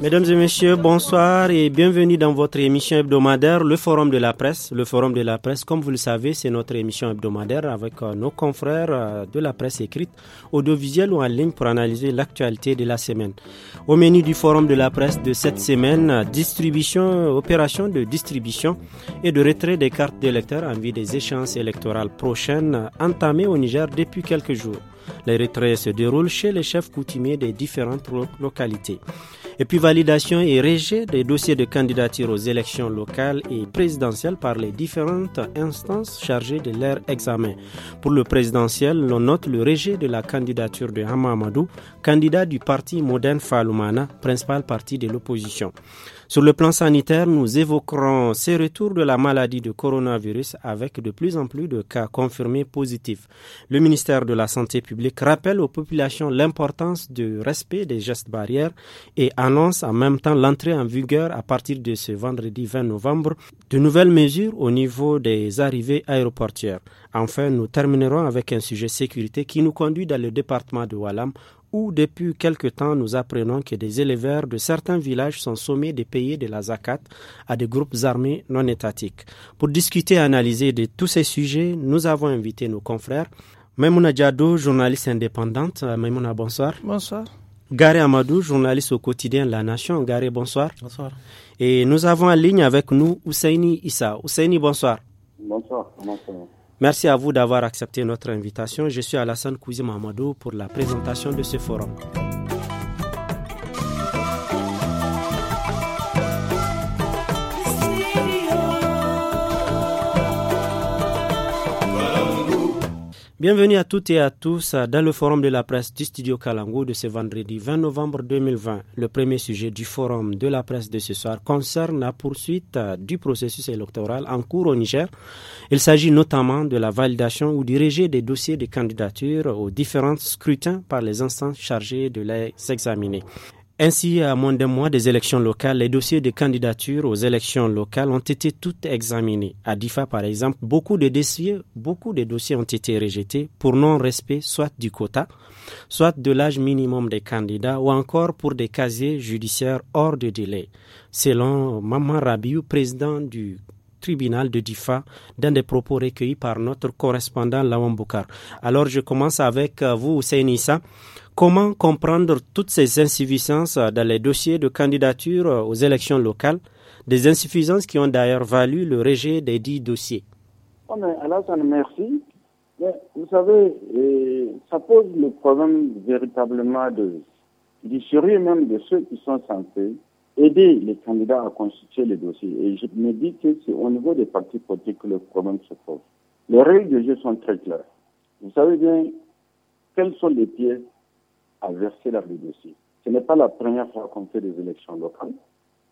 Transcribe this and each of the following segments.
Mesdames et messieurs, bonsoir et bienvenue dans votre émission hebdomadaire, le Forum de la presse. Le Forum de la presse, comme vous le savez, c'est notre émission hebdomadaire avec euh, nos confrères euh, de la presse écrite, audiovisuelle ou en ligne pour analyser l'actualité de la semaine. Au menu du Forum de la presse de cette semaine, distribution, opération de distribution et de retrait des cartes d'électeurs en vue des échéances électorales prochaines entamées au Niger depuis quelques jours. Les retraits se déroulent chez les chefs coutumiers des différentes localités. Et puis validation et rejet des dossiers de candidature aux élections locales et présidentielles par les différentes instances chargées de leur examen. Pour le présidentiel, l'on note le rejet de la candidature de Hamamadou, candidat du parti moderne Faloumana, principal parti de l'opposition. Sur le plan sanitaire, nous évoquerons ces retours de la maladie de coronavirus avec de plus en plus de cas confirmés positifs. Le ministère de la Santé publique rappelle aux populations l'importance du respect des gestes barrières et annonce en même temps l'entrée en vigueur à partir de ce vendredi 20 novembre de nouvelles mesures au niveau des arrivées aéroportières. Enfin, nous terminerons avec un sujet sécurité qui nous conduit dans le département de Wallam où depuis quelques temps nous apprenons que des éleveurs de certains villages sont sommés des payer de la zakat à des groupes armés non étatiques. Pour discuter et analyser de tous ces sujets, nous avons invité nos confrères Maimouna Diado, journaliste indépendante. Euh, Maimouna, bonsoir. Bonsoir. Garé Amadou, journaliste au quotidien La Nation. Garé, bonsoir. Bonsoir. Et nous avons en ligne avec nous Ousseini Issa. Ousseini, bonsoir. Bonsoir. bonsoir. Merci à vous d'avoir accepté notre invitation. Je suis Alassane Kouzi Mamadou pour la présentation de ce forum. Bienvenue à toutes et à tous dans le forum de la presse du studio Kalango de ce vendredi 20 novembre 2020. Le premier sujet du forum de la presse de ce soir concerne la poursuite du processus électoral en cours au Niger. Il s'agit notamment de la validation ou du rejet des dossiers de candidature aux différents scrutins par les instances chargées de les examiner. Ainsi, à moins d'un mois des élections locales, les dossiers de candidature aux élections locales ont été tous examinés. À DIFA, par exemple, beaucoup de dossiers, beaucoup de dossiers ont été rejetés pour non-respect soit du quota, soit de l'âge minimum des candidats ou encore pour des casiers judiciaires hors de délai. Selon Maman Rabiou, président du tribunal de Difa dans des propos recueillis par notre correspondant Lawan Boukar. Alors je commence avec euh, vous, Hussein Comment comprendre toutes ces insuffisances euh, dans les dossiers de candidature euh, aux élections locales, des insuffisances qui ont d'ailleurs valu le rejet des dix dossiers oh, merci. vous savez, ça pose le problème véritablement de, du même de ceux qui sont censés aider les candidats à constituer les dossiers. Et je me dis que c'est au niveau des partis politiques que le problème se pose. Les règles de jeu sont très claires. Vous savez bien quels sont les pièces à verser dans le dossier. Ce n'est pas la première fois qu'on fait des élections locales.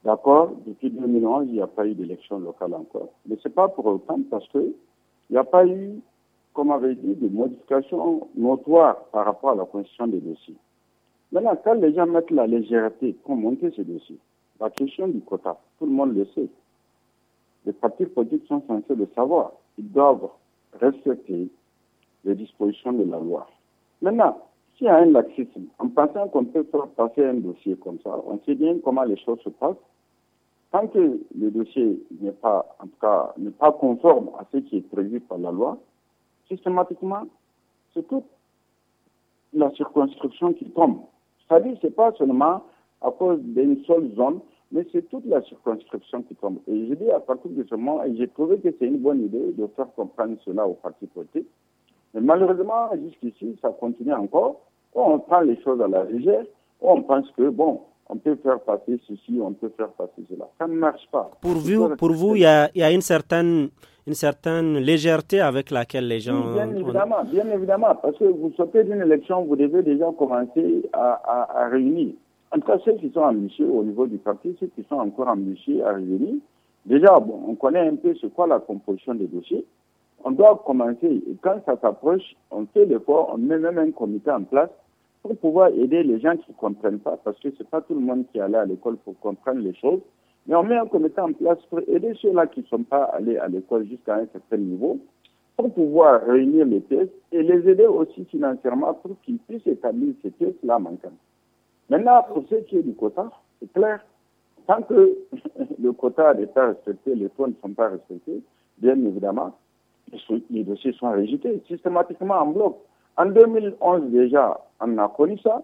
D'accord Depuis 2011, il n'y a pas eu d'élection locale encore. Mais ce n'est pas pour autant parce qu'il n'y a pas eu, comme avait dit, de modifications notoires par rapport à la constitution des dossiers. Maintenant, quand les gens mettent la légèreté pour monter ces dossiers, la question du quota, tout le monde le sait. Les partis politiques sont censés le savoir. Ils doivent respecter les dispositions de la loi. Maintenant, s'il y a un laxisme, en pensant qu'on peut faire passer un dossier comme ça, on sait bien comment les choses se passent. Tant que le dossier n'est pas, en tout cas, n'est pas conforme à ce qui est prévu par la loi, systématiquement, c'est toute la circonscription qui tombe. C'est-à-dire, c'est pas seulement à cause d'une seule zone, mais c'est toute la circonscription qui tombe. Et je dis à partir de ce moment, j'ai trouvé que c'est une bonne idée de faire comprendre cela aux parti politiques. Mais malheureusement, jusqu'ici, ça continue encore. On prend les choses à la légère. On pense que, bon, on peut faire passer ceci, on peut faire passer cela. Ça ne marche pas. Pour vous, pour vous, il y a, une certaine, une certaine légèreté avec laquelle les gens. Bien évidemment, bien évidemment, parce que vous sortez d'une élection, vous devez déjà commencer à, à réunir. En tout cas, ceux qui sont ambitieux au niveau du parti, ceux qui sont encore ambitieux à réunir, déjà, on connaît un peu ce qu'est la composition des dossiers. On doit commencer, et quand ça s'approche, on fait l'effort, on met même un comité en place pour pouvoir aider les gens qui ne comprennent pas, parce que ce n'est pas tout le monde qui est allé à l'école pour comprendre les choses, mais on met un comité en place pour aider ceux-là qui ne sont pas allés à l'école jusqu'à un certain niveau, pour pouvoir réunir les tests et les aider aussi financièrement pour qu'ils puissent établir ces tests là manquants. Maintenant, pour ce qui est du quota, c'est clair. Tant que le quota n'est pas respecté, les fonds ne sont pas respectés, bien évidemment, les dossiers sont rejetés systématiquement en bloc. En 2011 déjà, on a connu ça.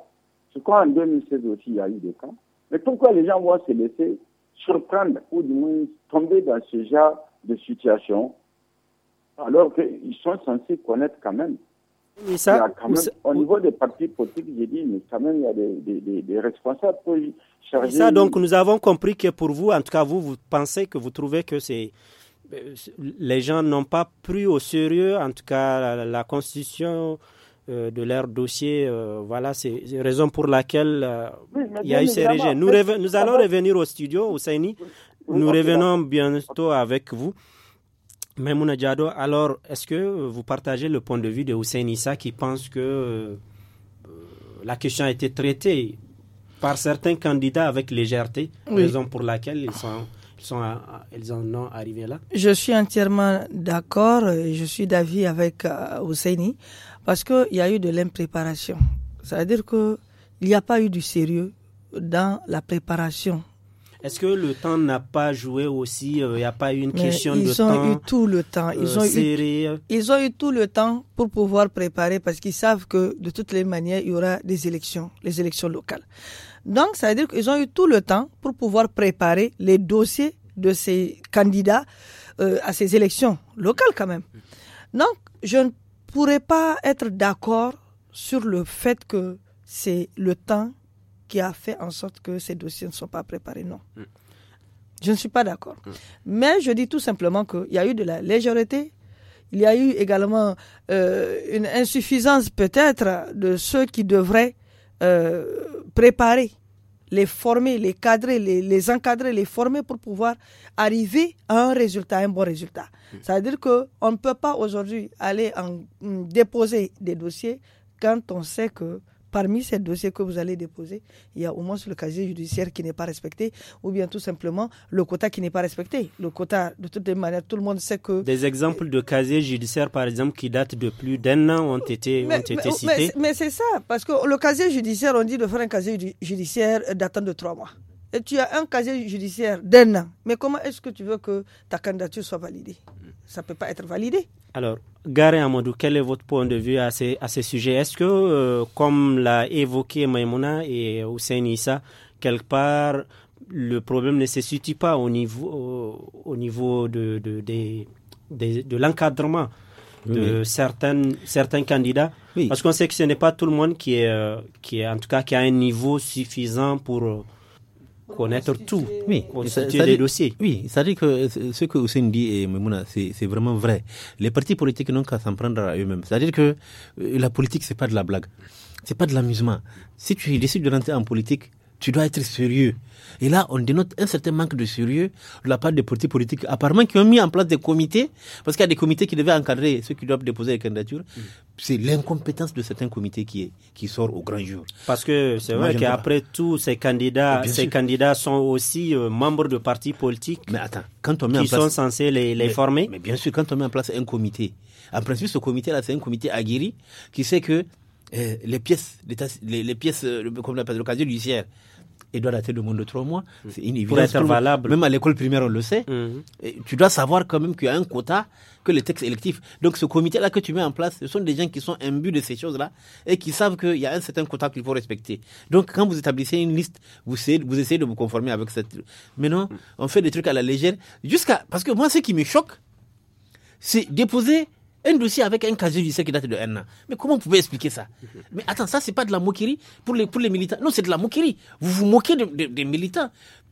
C'est crois en 2016 aussi, il y a eu des cas. Mais pourquoi les gens vont se laisser surprendre ou du moins tomber dans ce genre de situation alors qu'ils sont censés connaître quand même ça, au niveau des partis politiques, j'ai dit, mais quand même, il y a des, des responsables pour charger. Ça, donc, nous avons compris que pour vous, en tout cas, vous, vous pensez que vous trouvez que c'est. Euh, les gens n'ont pas pris au sérieux, en tout cas, la, constitution euh, de leur dossier. Euh, voilà, c'est la raison pour laquelle il y a eu ces rejets. Nous, nous allons revenir au studio, au Saini. Nous revenons bientôt avec vous. Maimouna Diado, alors est-ce que vous partagez le point de vue de Hussein qui pense que euh, la question a été traitée par certains candidats avec légèreté, raison pour laquelle ils sont, en ont arrivé là Je suis entièrement d'accord, et je suis d'avis avec euh, parce parce qu'il y a eu de l'impréparation. C'est-à-dire qu'il n'y a pas eu du sérieux dans la préparation est-ce que le temps n'a pas joué aussi Il euh, n'y a pas eu une question de temps Ils ont eu tout le temps. Euh, ils, ont eu, euh? ils ont eu tout le temps pour pouvoir préparer parce qu'ils savent que de toutes les manières, il y aura des élections, les élections locales. Donc, ça veut dire qu'ils ont eu tout le temps pour pouvoir préparer les dossiers de ces candidats à ces élections locales quand même. Donc, je ne pourrais pas être d'accord sur le fait que c'est le temps qui a fait en sorte que ces dossiers ne sont pas préparés. Non. Mm. Je ne suis pas d'accord. Mm. Mais je dis tout simplement qu'il y a eu de la légèreté. Il y a eu également euh, une insuffisance peut-être de ceux qui devraient euh, préparer, les former, les cadrer, les, encadrer, les former pour pouvoir arriver à un résultat, un bon résultat. Mm. C'est-à-dire qu'on ne peut pas aujourd'hui aller en, déposer des dossiers quand on sait que parmi ces dossiers que vous allez déposer, il y a au moins le casier judiciaire qui n'est pas respecté, ou bien tout simplement le quota qui n'est pas respecté. Le quota, de toutes les manières, tout le monde sait que... Des exemples de casiers judiciaires, par exemple, qui datent de plus d'un an ont été, cités. Mais, mais c'est ça, parce que le casier judiciaire, on dit de faire un casier judiciaire datant de trois mois. Et tu as un casier judiciaire d'un an. Mais comment est-ce que tu veux que ta candidature soit validée ça ne peut pas être validé. Alors, Garé Amadou, quel est votre point de vue à ce, à ce sujet Est-ce que, euh, comme l'a évoqué Maïmouna et Hussein Issa, quelque part, le problème ne se situe pas au niveau, euh, au niveau de, de, de, de, l'encadrement de certaines, certains candidats Parce qu'on sait que ce n'est pas tout le monde qui, est, euh, qui, est, en tout cas, qui a un niveau suffisant pour connaître tout, oui, des dossiers. Oui, c'est-à-dire que ce que Hussein dit et eh, Memouna, c'est vraiment vrai. Les partis politiques n'ont qu'à s'en prendre à eux-mêmes. C'est-à-dire que euh, la politique, c'est pas de la blague, c'est pas de l'amusement. Si tu décides de rentrer en politique, tu dois être sérieux. Et là, on dénote un certain manque de sérieux de la part des partis politiques, apparemment qui ont mis en place des comités, parce qu'il y a des comités qui devaient encadrer ceux qui doivent déposer les candidatures. Mm. C'est l'incompétence de certains comités qui, sort au grand jour. Parce que c'est vrai qu'après tout, ces candidats, ces candidats sont aussi euh, membres de partis politiques. Mais attends, quand on met en place, sont censés les, mais, former. Mais bien sûr, quand on met en place un comité, en principe, ce comité-là, c'est un comité aguerri qui sait que euh, les pièces, les, pièces, euh, comme on appelle l'occasion du judiciaire, et doit dater de moins de trois mois. Mm. C'est Pour être valable. Même à l'école primaire, on le sait. Mm. tu dois savoir quand même qu'il y a un quota, que les textes électifs. Donc ce comité-là que tu mets en place, ce sont des gens qui sont imbus de ces choses-là et qui savent qu'il y a un certain quota qu'il faut respecter. Donc quand vous établissez une liste, vous essayez, de vous conformer avec cette. Mais non, mm. on fait des trucs à la légère. Jusqu'à. Parce que moi, ce qui me choque, c'est déposer un dossier avec un casier judiciaire qui date de un an. Mais comment vous pouvez expliquer ça Mais attends, ça, c'est pas de la moquerie pour les, les militants. Non, c'est de la moquerie. Vous vous moquez des militants.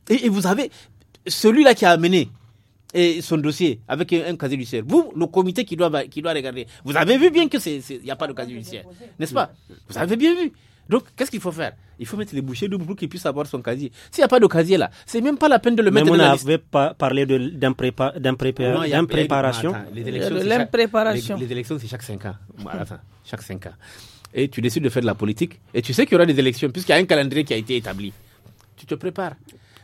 Et, vous avez celui-là qui a amené eh, son dossier avec un, casier judiciaire. Vous, le comité qui doit, qui doit regarder. Vous avez vu bien que il n'y a pas de casier judiciaire. N'est-ce pas Vous avez bien vu. Donc, qu'est-ce qu'il faut faire Il faut mettre les bouchées doubles pour qu'il puisse avoir son casier. S'il n'y a pas de casier là, c'est même pas la peine de le mettre dans la liste. on avait pas parlé d'impréparation. Euh, l'impréparation. Les élections, c'est chaque 5 ans. attends, chaque 5 ans. Et tu décides de faire de la politique et tu sais qu'il y aura des élections puisqu'il y a un calendrier qui a été établi. Tu te prépares.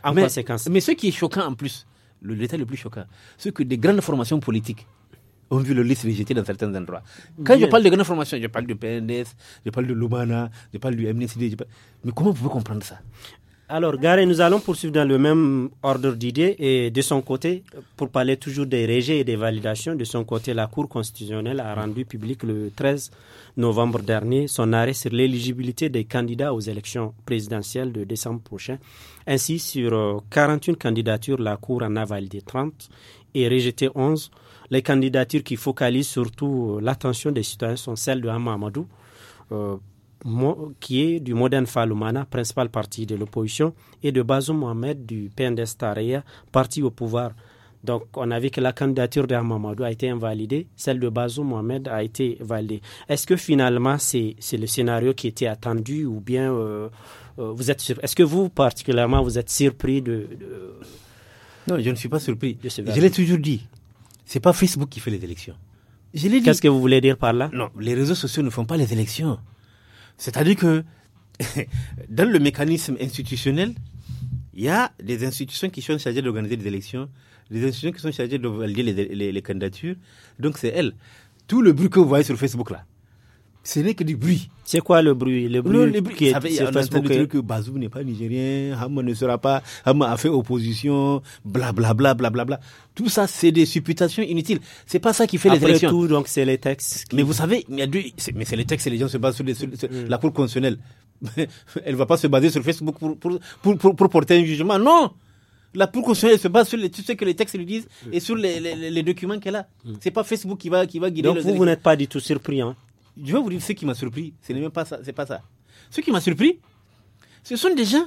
En mais, conséquence. Mais ce qui est choquant en plus, le détail le plus choquant, c'est que des grandes formations politiques ont vu le liste dans certains endroits. Quand je parle de grandes formations, je parle du PNDS, je parle de Lobana, je parle du MNCD. Parle... Mais comment vous pouvez comprendre ça alors, Gare, nous allons poursuivre dans le même ordre d'idées et de son côté, pour parler toujours des rejets et des validations, de son côté, la Cour constitutionnelle a rendu public le 13 novembre dernier son arrêt sur l'éligibilité des candidats aux élections présidentielles de décembre prochain. Ainsi, sur 41 euh, candidatures, la Cour en a validé 30 et rejeté 11 les candidatures qui focalisent surtout euh, l'attention des citoyens sont celles de Hamamadou, euh, qui est du Modern Faloumana, principal parti de l'opposition, et de Bazoum Mohamed du PNDS Tareya, parti au pouvoir. Donc, on a vu que la candidature de Amadou a été invalidée, celle de Bazoum Mohamed a été validée. Est-ce que finalement, c'est le scénario qui était attendu ou bien euh, vous êtes Est-ce que vous, particulièrement, vous êtes surpris de. de... non, je ne suis pas surpris. Je l'ai toujours dit. C'est pas Facebook qui fait les élections. Je l'ai dit. Qu'est-ce que vous voulez dire par là Non, les réseaux sociaux ne font pas les élections. C'est-à-dire que dans le mécanisme institutionnel, il y a des institutions qui sont chargées d'organiser les élections, des institutions qui sont chargées de valider les, les candidatures. Donc c'est elles. Tout le bruit que vous voyez sur Facebook là, ce n'est que du bruit. C'est quoi le bruit Le bruit, qui est, ça fait, est on Facebook euh, que Bazou n'est pas nigérien, Hamon ne sera pas, Hamon a fait opposition, blablabla, blablabla bla, bla, Tout ça, c'est des supputations inutiles. C'est pas ça qui fait les élections. tout, donc, c'est les textes. Mais vous savez, il y a deux, mais c'est les textes et les gens se basent sur, mm. la Cour constitutionnelle. Elle va pas se baser sur Facebook pour, porter un jugement. Non! La Cour constitutionnelle se base sur tout ce que les textes lui disent et sur les, documents qu'elle a. Mm. C'est pas Facebook qui va, qui va guider. Donc vous, vous n'êtes pas du tout surpris. Hein je vais vous dire ce qui m'a surpris. Ce n'est même pas ça. C'est pas ça. Ce qui m'a surpris, ce sont des gens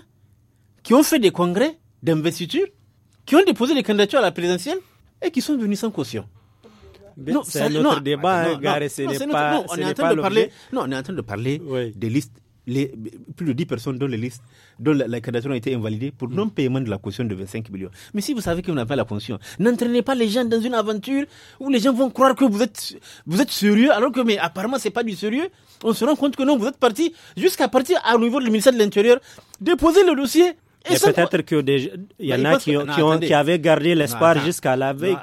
qui ont fait des congrès d'investiture, qui ont déposé des candidatures à la présidentielle et qui sont venus sans caution. Non, C'est un autre débat, non, pas, on est en train de parler, non, on est en train de parler des listes les, plus de 10 personnes dont, les listes, dont la, candidature a été invalidée pour mm. non-paiement de la caution de 25 millions. Mais si vous savez que vous n'avez pas la caution, n'entraînez pas les gens dans une aventure où les gens vont croire que vous êtes, vous êtes sérieux, alors que mais apparemment c'est pas du sérieux. On se rend compte que non, vous êtes parti jusqu'à partir à, au niveau du ministère de l'Intérieur, déposer le dossier et, peut-être que il y bah, en a qui, ont, qui, avaient gardé l'espoir jusqu'à la veille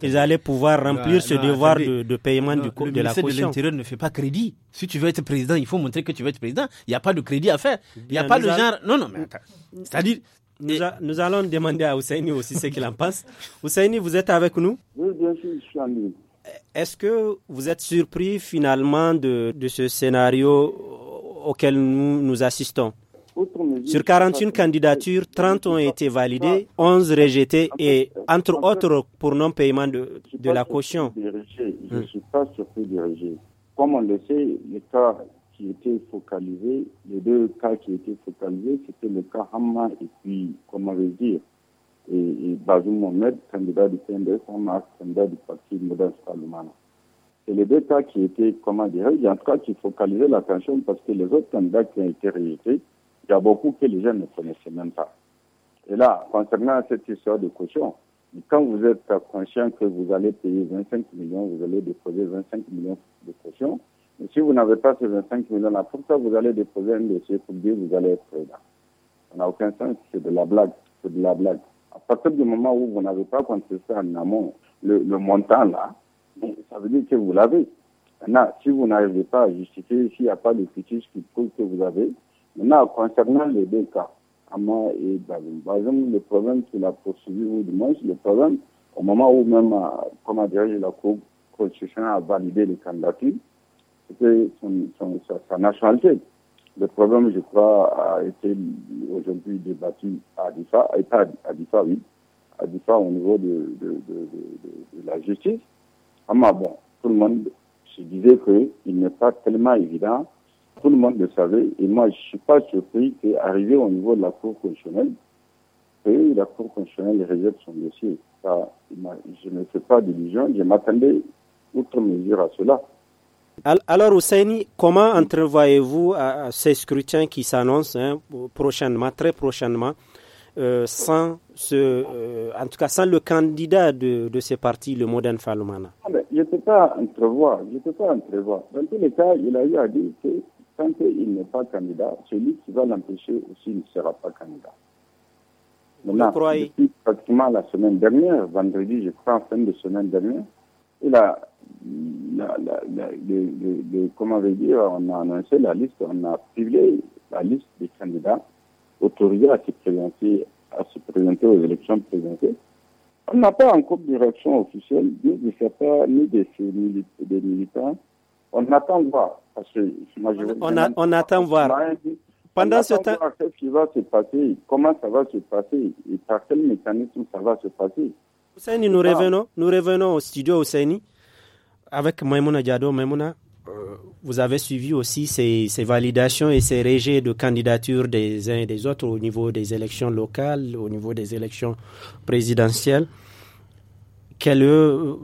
qu'ils allaient pouvoir remplir ce devoir de, de, paiement du coup, de la caution. de l'Intérieur ne fait pas crédit. Si tu veux être président, il faut montrer que tu veux être président. Il n'y a pas de crédit à faire. Il n'y a pas de genre. Non, non, mais attends. C'est-à-dire. Nous, allons demander à Ousseini aussi ce qu'il en pense. Ousseini, vous êtes avec nous Oui, bien sûr, je suis avec Est-ce que vous êtes surpris finalement de, de ce scénario auquel nous, nous assistons sur 41 candidatures, 30 ont été validées, 11 rejetées et entre autres pour non-paiement de, de la caution. Je ne suis pas surpris du rejeter. Comme on le sait, les cas qui était focalisé, les deux cas qui étaient focalisés, c'était le cas Hamma et puis, comment le dire, et, candidat du PNDS, Hamma, candidat du parti Modeste Salomana. C'est les deux cas qui étaient, comment dire, il y a un cas qui focalisait l'attention parce que les autres candidats qui ont été rejetés, il y a beaucoup que les jeunes ne connaissaient même pas. Et là, concernant cette histoire de caution, quand vous êtes conscient que vous allez payer 25 millions, vous allez déposer 25 millions de caution, mais si vous n'avez pas ces 25 millions-là, pourquoi vous allez déposer un dossier pour dire que vous allez être là Ça n'a aucun sens, c'est de la blague, c'est de la blague. À partir du moment où vous n'avez pas contesté en amont le, montant là, ça veut dire que vous l'avez. Maintenant, si vous n'arrivez pas à justifier, s'il n'y a pas de fichiers qui prouvent que vous avez, Maintenant, concernant les deux cas, Ama et Bazoum, le problème qu'il a poursuivi, ou le problème, au moment où même, euh, comme a la Cour constitutionnelle a validé les candidatures, c'était son, sa, nationalité. Le problème, je crois, a été aujourd'hui débattu à Difa, euh, à Difa, oui, à Difa au niveau de, la justice. Amma, bon, tout le monde se disait qu'il n'est pas tellement évident tout le monde le savait, et moi je ne suis pas surpris qu'arrivé au niveau de la Cour constitutionnelle, Et la Cour constitutionnelle réserve son dossier. Ça, je ne fais pas d'illusion, je m'attendais autre mesure à cela. Alors, Ousseini, comment entrevoyez-vous à ces scrutins qui s'annoncent hein, prochainement, très prochainement, euh, sans ce, euh, en tout cas sans le candidat de, de ce parti, le Modern Falumana ah, Je ne peux pas entrevoir, pas entrevoir. Dans tous les cas, il a eu à dire que tant qu'il n'est pas candidat, celui qui va l'empêcher aussi ne sera pas candidat. Maintenant, depuis pratiquement la semaine dernière, vendredi, je crois, en fin de semaine dernière, Et là, comment on dire, on a annoncé la liste, on a publié la liste des candidats autorisés à se présenter, à se présenter aux élections présentées. On n'a pas encore de réaction officielle, ni des certains, ni des, militants. On attend pas. voir. Parce que on, attend voir. Pendant ce temps. ce qui va se passer, comment ça va se passer et par quel mécanisme ça va se passer. nous revenons, nous revenons au studio Ousseini avec Maimouna Diado. Maimouna, euh, vous avez suivi aussi ces, ces, validations et ces régés de candidatures des uns et des autres au niveau des élections locales, au niveau des élections présidentielles quelle est euh,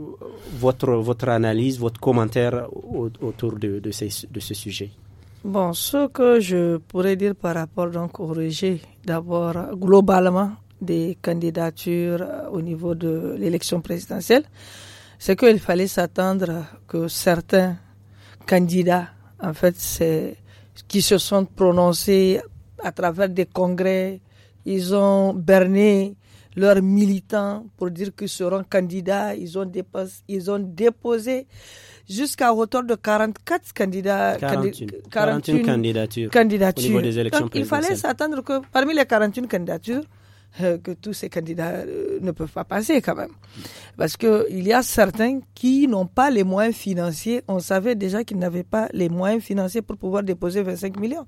votre, votre analyse, votre commentaire autour de, de, ce sujet Bon, ce que je pourrais dire par rapport donc au rejet, d'abord globalement des candidatures euh, au niveau de l'élection présidentielle, c'est qu'il fallait s'attendre que certains candidats, en fait, c'est qui se sont prononcés à travers des congrès, ils ont berné leurs militants pour dire qu'ils seront candidats. Ils ont, déposé, ils ont déposé jusqu'à hauteur de 44 candidats. 41, candidatures, candidatures, élections il fallait s'attendre que parmi les 41 candidatures, euh, que tous ces candidats euh, ne peuvent pas passer quand même. Parce qu'il y a certains qui n'ont pas les moyens financiers. On savait déjà qu'ils n'avaient pas les moyens financiers pour pouvoir déposer 25 millions.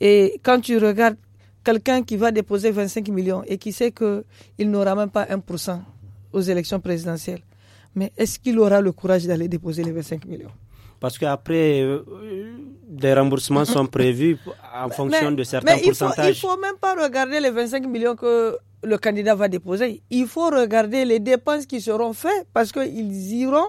Et quand tu regardes quelqu'un qui va déposer 25 millions et qui sait qu'il n'aura même pas 1% aux élections présidentielles, mais est-ce qu'il aura le courage d'aller déposer les 25 millions parce qu'après, euh, des remboursements sont prévus en fonction de certains pourcentages. Mais il ne faut même pas regarder les 25 millions que le candidat va déposer. Il faut regarder les dépenses qui seront faites parce qu'ils iront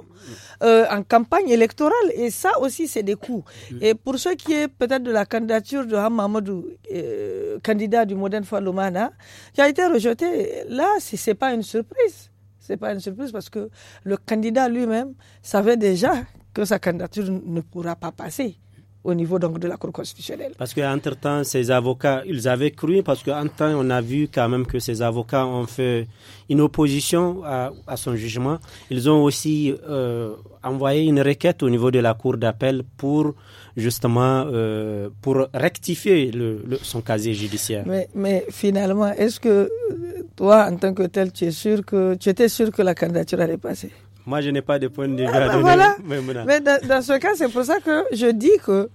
euh, en campagne électorale. Et ça aussi, c'est des coûts. Et pour ce qui est peut-être de la candidature de Hamamadou, euh, candidat du Modern Falomana, qui a été rejeté, là, ce n'est pas une surprise. Ce n'est pas une surprise parce que le candidat lui-même savait déjà que sa candidature ne pourra pas passer au niveau donc de la Cour constitutionnelle. Parce qu'entre-temps, ces avocats, ils avaient cru, parce quentre temps, on a vu quand même que ces avocats ont fait une opposition à, son jugement. Ils ont aussi euh, envoyé une requête au niveau de la Cour d'appel pour justement euh, pour rectifier son casier judiciaire. Mais, mais finalement, est-ce que euh, toi, en tant que tel, tu es sûr que tu étais sûr que la candidature allait passer moi, je n'ai pas de point de vue ah à bah Mais dans, ce cas, c'est pour ça que je dis que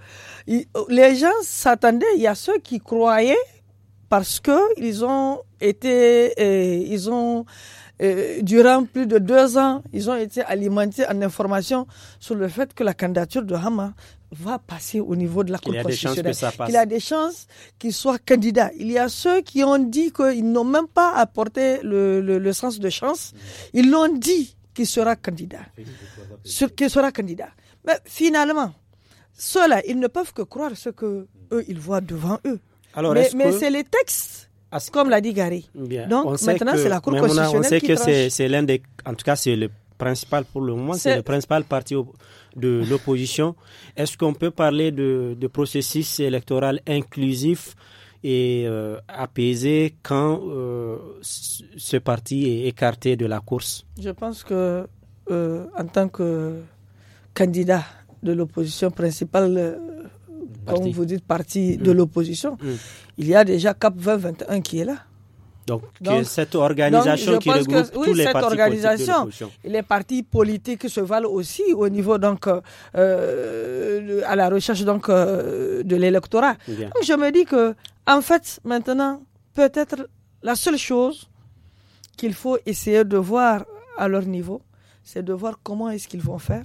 les gens s'attendaient. Il y a ceux qui croyaient parce que ils ont été, euh, ils ont euh, durant plus de deux ans, ils ont été alimentés en information sur le fait que la candidature de Hama va passer au niveau de la Cour constitutionnelle. Il y a des chances qu'il soit candidat. Il y a ceux qui ont dit qu'ils n'ont même pas apporté le sens de chance. Ils l'ont dit qui sera candidat. qui sera candidat. Mais finalement, ceux-là, ils ne peuvent que croire ce que eux ils voient devant eux. mais c'est les textes. les textes comme l'a dit Gary. Donc maintenant, c'est la Cour constitutionnelle on on sait que c'est l'un des, en tout cas, c'est le principal pour le moment, c'est le principal parti de l'opposition. Est-ce qu'on peut parler de, de processus électoral inclusif et euh, apaisé quand euh, ce parti est écarté de la course Je pense que euh, en tant que candidat de l'opposition principale, comme vous dites, parti mm. de l'opposition, mm. il y a déjà Cap 20-21 qui est là. Donc, cette organisation qui regroupe tous les partis politiques organisation, Les partis politiques se valent aussi au niveau donc à la recherche donc de l'électorat. je me dis que en fait, maintenant, peut-être la seule chose qu'il faut essayer de voir à leur niveau, c'est de voir comment est-ce qu'ils vont faire,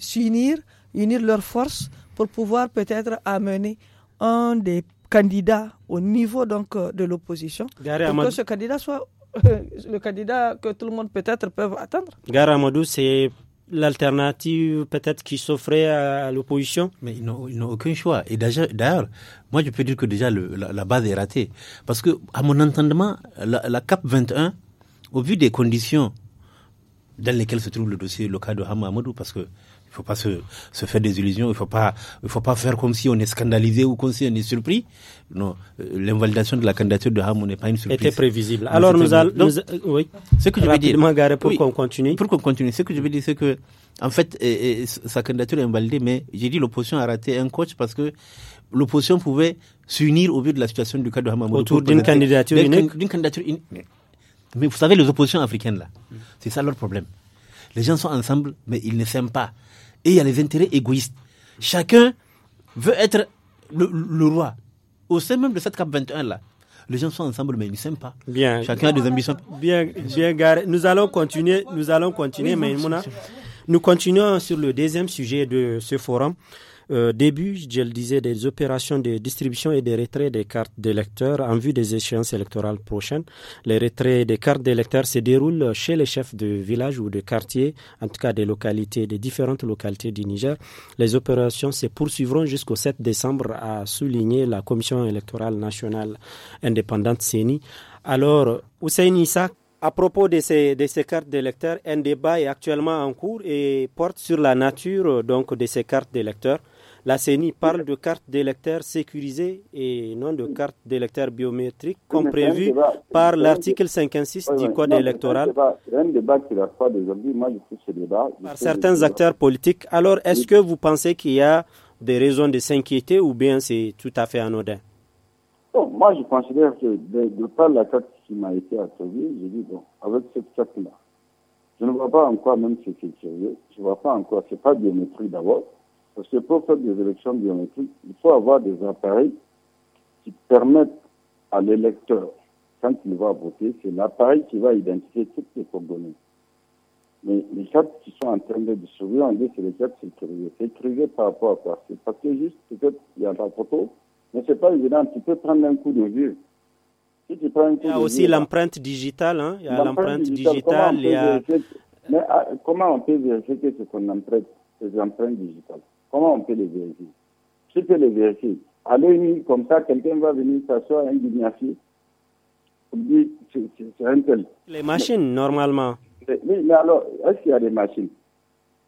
s'unir, unir leurs forces pour pouvoir peut-être amener un des candidats au niveau donc euh, de l'opposition pour que ce candidat soit le candidat que tout le monde peut-être peut attendre. Gare c'est l'alternative peut-être qui s'offrait à l'opposition Mais ils n'ont aucun choix. Et d'ailleurs, moi je peux dire que déjà la, base est ratée. Parce que, à mon entendement, la, CAP 21, au vu des conditions dans lesquelles se trouve le dossier le cas de Hamadou, parce que il faut pas se, faire des illusions. Il faut pas, il faut pas faire comme si on est scandalisé ou comme si on est surpris. Non, euh, l'invalidation de la candidature de Hamon n'est pas une surprise. Était prévisible. Alors nous allons, oui. Ce que je veux dire, pour qu'on continue. Pour qu'on continue, ce que je veux dire, c'est que en fait, sa candidature est invalidée, mais j'ai dit l'opposition a raté un coach parce que l'opposition pouvait s'unir au vu de la situation du cas de Hamon. Autour d'une candidature unique. D'une candidature unique. Mais vous savez, les oppositions africaines là, mm. c'est ça leur problème. Les gens sont ensemble, mais ils ne s'aiment pas et il y a les intérêts égoïstes. Chacun veut être le, roi. Au sein même de cette CAP 21-là, les gens sont ensemble, mais ils ne s'aiment pas. Bien. Chacun a des ambitions. Bien, bien, Nous allons continuer, nous allons continuer, mais Nous continuons sur le deuxième sujet de ce forum. Euh, début, je le disais, des opérations de distribution et de retrait des cartes d'électeurs en vue des échéances électorales prochaines. Les retraits des cartes d'électeurs se déroulent chez les chefs de village ou de quartier, en tout cas des localités, des différentes localités du Niger. Les opérations se poursuivront jusqu'au 7 décembre, a souligné la Commission électorale nationale indépendante CENI. Alors, Hussein Issa, à propos de ces, de ces cartes d'électeurs, un débat est actuellement en cours et porte sur la nature donc, de ces cartes d'électeurs. La CENI parle de cartes d'électeurs sécurisées et non de cartes d'électeurs biométriques comme prévu par l'article 56 du Code électoral. Par certains acteurs politiques. Alors, est-ce que vous pensez qu'il y a des raisons de s'inquiéter ou bien c'est tout à fait anodin bon, Moi, je considère que de, par la carte qui m'a été attribuée, je dis, bon, avec cette carte-là, je ne vois pas en quoi même est sérieux, je ne vois pas en quoi, c'est pas biométrique d'abord, parce que pour faire des élections biométriques, il faut avoir des appareils qui permettent à l'électeur, quand il va voter, c'est l'appareil qui va identifier toutes les coordonnées. Mais les cartes qui sont en train de distribuer, on dit c'est les cartes C'est Sécurisées par rapport à quoi C'est parce que juste, peut-être, il y a la photo, mais c'est pas évident. Tu peux prendre un coup de vue. Si tu prends un coup il y a aussi l'empreinte digitale, hein Il y a l'empreinte digitale, Mais ah, comment on peut vérifier que c'est son empreinte, empreintes digitales Comment on peut les vérifier Tu peux les vérifier. À comme ça, quelqu'un va venir s'asseoir, un On dit, c'est un tel. Les machines, normalement. Mais, mais alors, est-ce qu'il y a des machines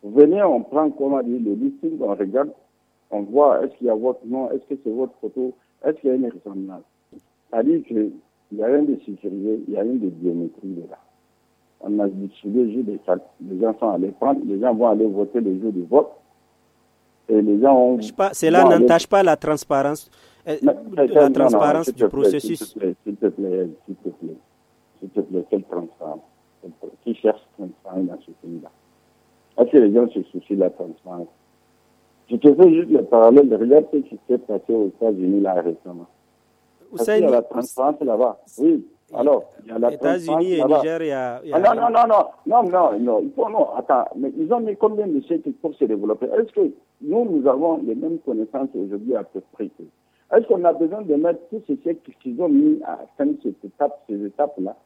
Venez, on prend, comment dire, le listing, on regarde, on voit, est-ce qu'il y a votre nom, est-ce que c'est votre photo, est-ce qu'il y a une ressemblance C'est-à-dire qu'il n'y a rien de sécurisé, il y a une de biométrie là. On a dit, sous les des les gens sont allés prendre, les gens vont aller voter le jour du vote les gens cela n'entache pas la transparence, euh, la transparence du processus. S'il te plaît, s'il te plaît, s'il te, plaît, quelle transparence Qui cherche transparence dans ce pays-là Est-ce que les gens se soucient de la transparence Je te fais juste le parallèle. Regarde ce qui s'est passé aux États-Unis là récemment. Est-ce qu'il y a la transparence là-bas Oui. Alors, il y a la États-Unis et Niger, il y a. Ah, non, non, non, non, non, non, non, non, attends, mais ils ont mis combien de chèques pour se développer Est-ce que nous, nous avons les mêmes connaissances aujourd'hui à peu près. Est-ce qu'on a besoin de mettre tout ce qu'ils ont mis à cette étape, ces étapes-là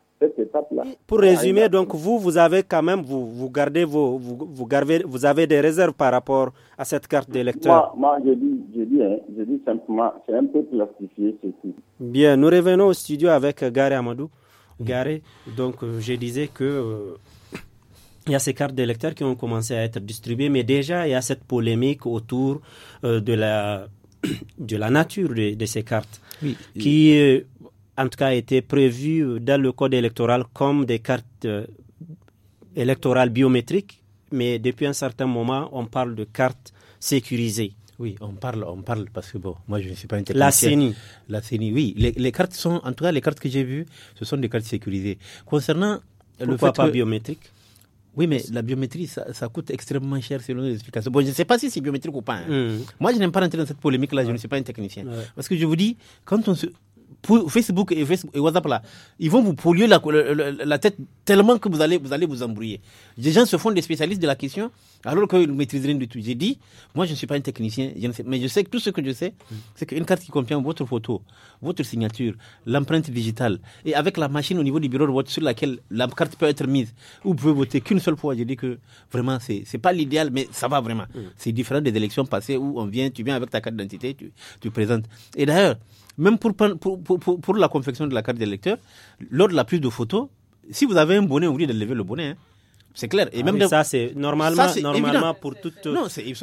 là Pour résumer, ah, donc vous, vous avez quand même, vous, vous gardez vos, vous, vous, vous avez des réserves par rapport à cette carte d'électeur. Moi, moi, je dis, je dis, hein, simplement, c'est un peu plastifié, ceci. Bien, nous revenons au studio avec Gary Amadou. Gary, donc euh, je disais que euh, il y a ces cartes d'électeurs qui ont commencé à être distribuées, mais déjà il y a cette polémique autour euh, de la de la nature de, ces cartes, qui euh, en tout cas étaient prévues dans le code électoral comme des cartes euh, électorales biométriques, mais depuis un certain moment on parle de cartes sécurisées. Oui, on parle, on parle parce que bon, moi je ne suis pas un La CENI. La CENI, oui. Les, cartes sont, en tout cas, les cartes que j'ai vues, ce sont des cartes sécurisées. Concernant le fait pas biométrique oui, mais la biométrie, ça, coûte extrêmement cher selon les explications. Bon, je ne sais pas si c'est biométrique ou pas. Hein. Hmm. Moi, je n'aime pas rentrer dans cette polémique-là, je ne suis pas un technicien. Parce que je vous dis, quand on se... Facebook et, WhatsApp, là, ils vont vous polluer la, tête tellement que vous allez vous, allez vous embrouiller. Les gens se font des spécialistes de la question alors qu'ils maîtriseraient rien du tout. J'ai dit, moi je ne suis pas un technicien, sais, mais je sais que tout ce que je sais, c'est qu'une carte qui contient votre photo, votre signature, l'empreinte digitale, et avec la machine au niveau du bureau de vote sur laquelle la carte peut être mise, vous pouvez voter qu'une seule fois. J'ai dit que vraiment, c'est n'est pas l'idéal, mais ça va vraiment. C'est différent des élections passées où on vient, tu viens avec ta carte d'identité, tu, présentes. Et d'ailleurs, même pour, pour, la confection de la carte d'électeur, lors de la prise de photo, si vous avez un bonnet, oubliez de lever le bonnet. Hein. C'est clair. Et ah même ça, c'est normalement, normalement pour toute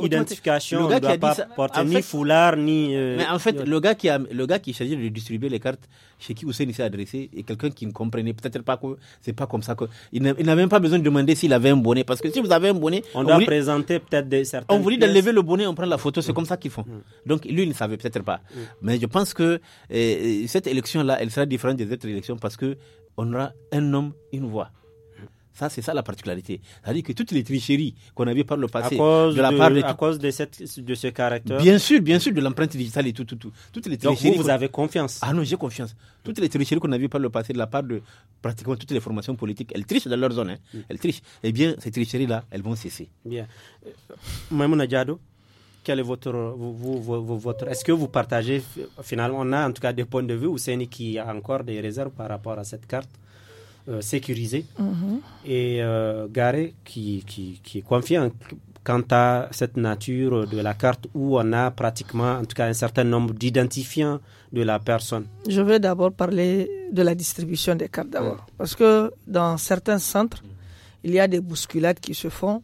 identification, on ne doit pas porter ni foulard, ni. Euh, Mais en fait, le gars qui a, le gars qui de distribuer les cartes, chez qui Hussein s'est adressé, et quelqu'un qui ne comprenait peut-être pas que c'est pas comme ça que. Il n'avait même pas besoin de demander s'il avait un bonnet, parce que si vous avez un bonnet, on, doit présenter peut-être des certains. On voulait dit le bonnet, on prend la photo, c'est mm. comme ça qu'ils font. Mm. Donc lui, il ne savait peut-être pas. Mm. Mais je pense que eh, cette élection-là, elle sera différente des autres élections parce que on aura un homme, une voix. Ça, c'est ça la particularité. C'est-à-dire que toutes les tricheries qu'on a vues par le passé, de, la part de, à cause de, ce caractère. Bien sûr, bien sûr, de l'empreinte digitale et tout, tout, tout. Toutes les vous, avez confiance. Ah non, j'ai confiance. Toutes les tricheries qu'on a vues par le passé, de la part de pratiquement toutes les formations politiques, elles trichent dans leur zone. Hein. Mm. Elles trichent. Eh bien, ces tricheries-là, elles vont cesser. Bien. Euh, Maimouna Diado, quel est votre, votre est-ce que vous partagez finalement on a en tout cas des points de vue ou c'est qui a encore des réserves par rapport à cette carte euh, sécurisé mhm. et euh, Garé qui, qui, qui est confiant quant à cette nature de la carte où on a pratiquement, en tout cas, un certain nombre d'identifiants de la personne. Je vais d'abord parler de la distribution des cartes d'abord. Parce que dans certains centres, il y a des bousculades qui se font.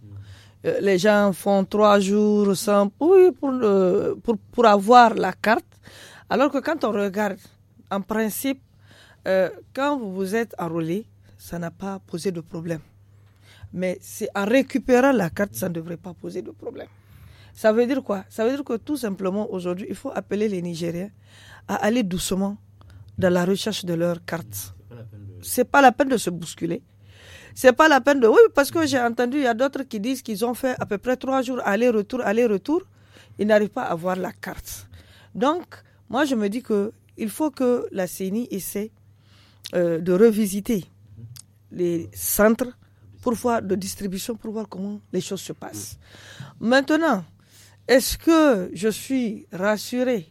Euh, les gens font trois jours sans, pour, pour, pour avoir la carte. Alors que quand on regarde, en principe, euh, quand vous vous êtes enrôlé, ça n'a pas posé de problème. Mais c'est en récupérant la carte, ça ne devrait pas poser de problème. Ça veut dire quoi Ça veut dire que tout simplement aujourd'hui, il faut appeler les Nigériens à aller doucement dans la recherche de leur carte. C'est pas la peine de se bousculer. C'est pas la peine de. Oui, parce que j'ai entendu, il y a d'autres qui disent qu'ils ont fait à peu près trois jours aller-retour, aller-retour. Ils n'arrivent pas à avoir la carte. Donc, moi, je me dis que il faut que la CENI essaie euh, de revisiter les centres pour de distribution, pour voir comment les choses se passent. Maintenant, est-ce que je suis rassuré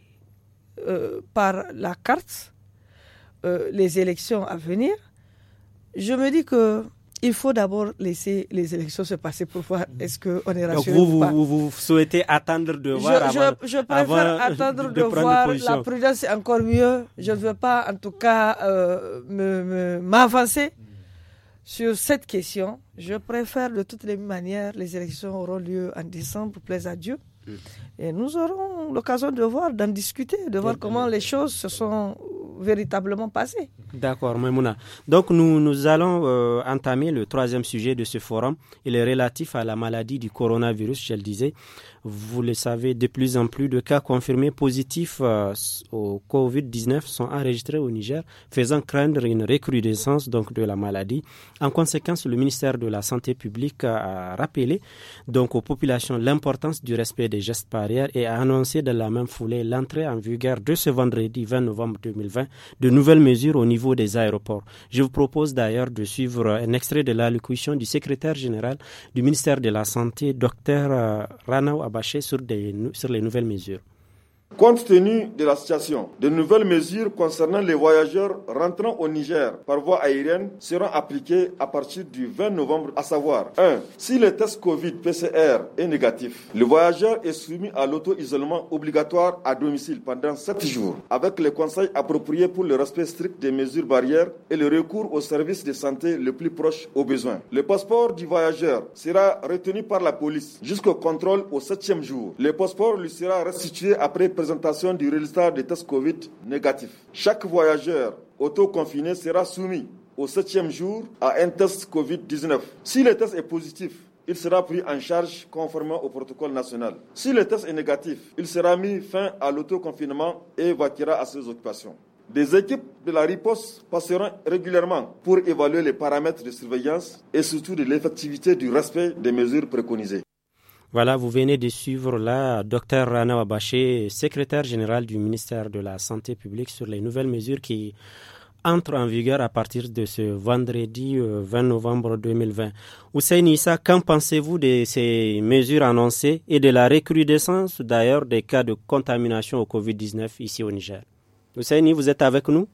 euh, par la carte, euh, les élections à venir Je me dis que il faut d'abord laisser les élections se passer pour voir mhm. est-ce qu'on est rassuré vous, ou pas. Vous, vous, souhaitez attendre de voir je, avant, préfère attendre de, voir. La prudence est encore mieux. Je ne veux pas, en tout cas, euh, m'avancer sur cette question. Je préfère, de toutes les manières, les élections auront lieu en décembre, plaise à Dieu. Mhm. Et nous aurons l'occasion de voir, d'en discuter, de voir mhm. comment les choses se sont véritablement passé. D'accord, Maimouna. Donc nous, nous allons euh, entamer le troisième sujet de ce forum. Il est relatif à la maladie du coronavirus, je le disais. Vous le savez, de plus en plus de cas confirmés positifs euh, au Covid-19 sont enregistrés au Niger, faisant craindre une recrudescence donc, de la maladie. En conséquence, le ministère de la Santé publique a rappelé donc, aux populations l'importance du respect des gestes barrières et a annoncé dans la même foulée l'entrée en vigueur de ce vendredi 20 novembre 2020 de nouvelles mesures au niveau des aéroports. Je vous propose d'ailleurs de suivre un extrait de l'allocution du secrétaire général du ministère de la Santé, Dr. Euh, Ranao sur les nouvelles mesures. Compte tenu de la situation, de nouvelles mesures concernant les voyageurs rentrant au Niger par voie aérienne seront appliquées à partir du 20 novembre, à savoir 1. Si le test COVID-PCR est négatif, le voyageur est soumis à l'auto-isolement obligatoire à domicile pendant 7 jours, avec les conseils appropriés pour le respect strict des mesures barrières et le recours aux services de santé le plus proche aux besoins. Le passeport du voyageur sera retenu par la police jusqu'au contrôle au 7e jour. Le passeport lui sera restitué après présentation présentation du résultat des tests Covid négatifs. Chaque voyageur autoconfiné sera soumis au septième jour à un test Covid-19. Si le test est positif, il sera pris en charge conformément au protocole national. Si le test est négatif, il sera mis fin à l'autoconfinement et vaquera à ses occupations. Des équipes de la riposte passeront régulièrement pour évaluer les paramètres de surveillance et surtout de l'effectivité du respect des mesures préconisées. Voilà, vous venez de suivre là docteur Rana Wabaché, secrétaire général du ministère de la Santé publique sur les nouvelles mesures qui entrent en vigueur à partir de ce vendredi 20 euh, novembre 2020. Hussein Issa, qu'en pensez-vous de ces mesures annoncées et de la recrudescence d'ailleurs des cas de contamination au Covid-19 ici au Niger Hussein, vous êtes avec nous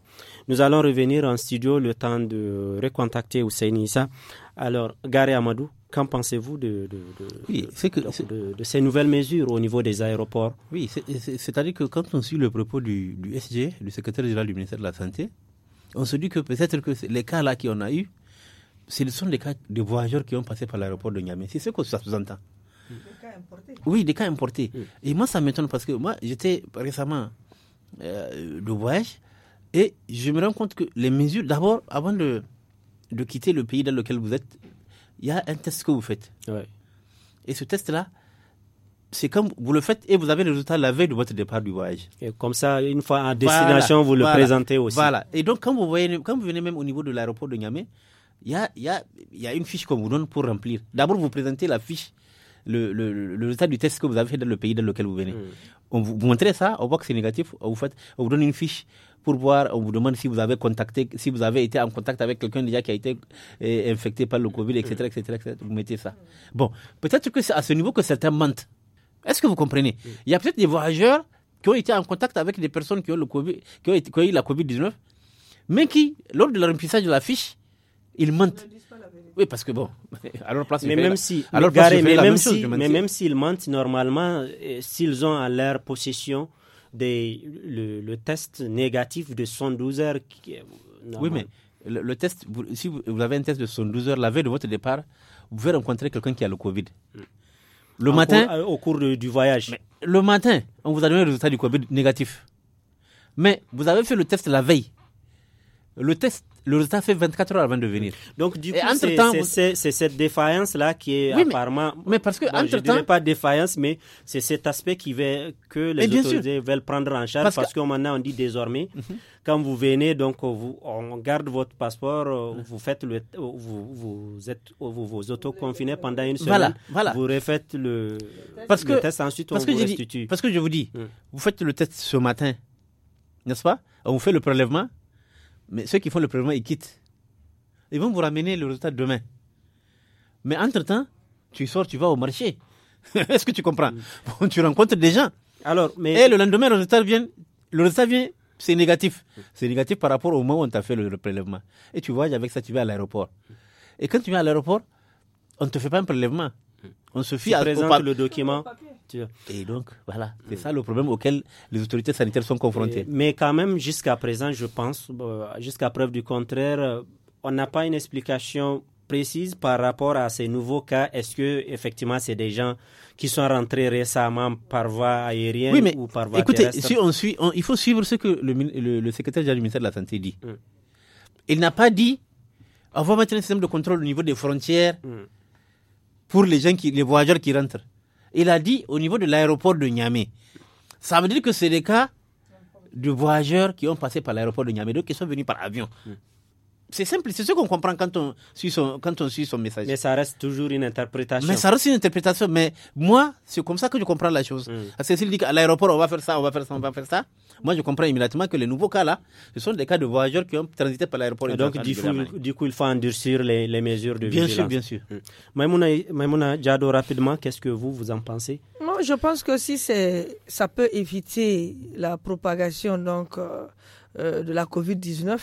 Nous allons revenir en studio le temps de recontacter Hussein Issa. Alors, Gary Amadou, Qu'en pensez-vous de, ces nouvelles mesures au niveau des aéroports Oui, c'est-à-dire que quand on suit le propos du, SG, du secrétaire général du ministère de la Santé, on se dit que peut-être que les cas-là qu'on a eu, ce sont des cas de voyageurs qui ont passé par l'aéroport de Niamey. C'est ce que ça sous-entend. Des cas importés. Oui, des cas importés. Et moi, ça m'étonne parce que moi, j'étais récemment euh, de voyage et je me rends compte que les mesures, d'abord, avant de quitter le pays dans lequel vous êtes, il y a un test que vous faites. Et ce test-là, c'est comme vous le faites et vous avez le résultat la veille de votre départ du voyage. Et comme ça, une fois à destination, vous le présentez aussi. Voilà. Et donc, quand vous, voyez, quand vous venez même au niveau de l'aéroport de Niamey, il y a, y, y a, une fiche qu'on vous donne pour remplir. D'abord, vous présentez la fiche, le, le, le, résultat du test que vous avez fait dans le pays dans lequel vous venez. Hmm. On vous, montre montrez ça, on voit que c'est négatif, vous, fait, on vous donne une fiche, pour voir, on vous demande si vous avez contacté, si vous avez été en contact avec quelqu'un déjà qui a été eh, infecté par le Covid, etc., etc., Vous mettez ça. Bon, peut-être que c'est à ce niveau que certains mentent. Est-ce que vous comprenez Il y a peut-être des voyageurs qui ont été en contact avec des personnes qui ont, le COVID, qui ont, eu la Covid-19, mais qui, lors de leur remplissage de la fiche, ils mentent. Oui, parce que bon, alors mais même si, même, si, mais même s'ils mentent, normalement, euh, s'ils ont à leur possession le, test négatif de 112 heures. Qui, oui, mais le, test, si vous, avez un test de 112 heures la veille de votre départ, vous pouvez rencontrer quelqu'un qui a le Covid. Le matin. Euh, au cours du voyage. le matin, on vous a donné le résultat du Covid négatif. Mais vous avez fait le test la veille le test le résultat fait 24 heures avant de venir. Donc, du coup, c'est cette défaillance-là qui est apparemment. Mais, parce que, entre je temps. dirais pas défaillance, mais c'est cet aspect qui que les autorités veulent prendre en charge parce, que... maintenant, on dit désormais, mhm. quand vous venez, donc, vous, on garde votre passeport, euh, vous faites le, euh, vous, vous êtes, euh, vous, vous autoconfinez pendant une semaine. Voilà, Vous refaites le, parce que, test, ensuite, parce on que vous restitue. parce que je vous dis, hmm. vous faites le test ce matin, n'est-ce pas? On vous fait le prélèvement mais ceux qui font le prélèvement, ils quittent. Ils vont vous ramener le résultat demain. Mais entre-temps, tu sors, tu vas au marché. Est-ce que tu comprends mm. Tu rencontres des gens. Alors, mais... Et le lendemain, le résultat vient, le résultat vient c'est négatif. Mm. C'est négatif par rapport au moment où on t'a fait le, prélèvement. Et tu voyages avec ça, tu vas à l'aéroport. Et quand tu vas à l'aéroport, on ne te fait pas un prélèvement. On se fie à présent le document. Et donc, voilà, c'est mm. ça le problème auquel les autorités sanitaires sont confrontées. mais quand même, jusqu'à présent, je pense, jusqu'à preuve du contraire, euh, on n'a pas une explication précise par rapport à ces nouveaux cas. Est-ce que effectivement c'est des gens qui sont rentrés récemment par voie aérienne ou par voie écoutez, si on suit, il faut suivre ce que le, secrétaire général du ministère de la Santé dit. Mm. Il n'a pas dit on va mettre un système de contrôle au niveau des frontières. Mm pour les gens qui, les voyageurs qui rentrent. Il a dit au niveau de l'aéroport de Niamey. Ça veut dire que c'est le cas de voyageurs qui ont passé par l'aéroport de Niamey, donc qui sont venus par avion. Hmm. C'est simple, c'est ce qu'on comprend quand on, suit son, quand on suit son message. Mais ça reste toujours une interprétation. Mais ça reste une interprétation. Mais moi, c'est comme ça que je comprends la chose. Hmm. cest Cécile dit qu'à l'aéroport, on va faire ça, on va faire ça, on va faire ça. Moi, je comprends immédiatement que les nouveaux cas là, ce sont des cas de voyageurs qui ont transité par l'aéroport. Donc, du coup, du coup, il faut endurcir les, mesures de bien vigilance. Bien sûr, bien mm. sûr. Maïmouna rapidement, qu'est-ce que vous, vous en pensez Moi, je pense que si ça peut éviter la propagation donc, euh, euh, de la COVID-19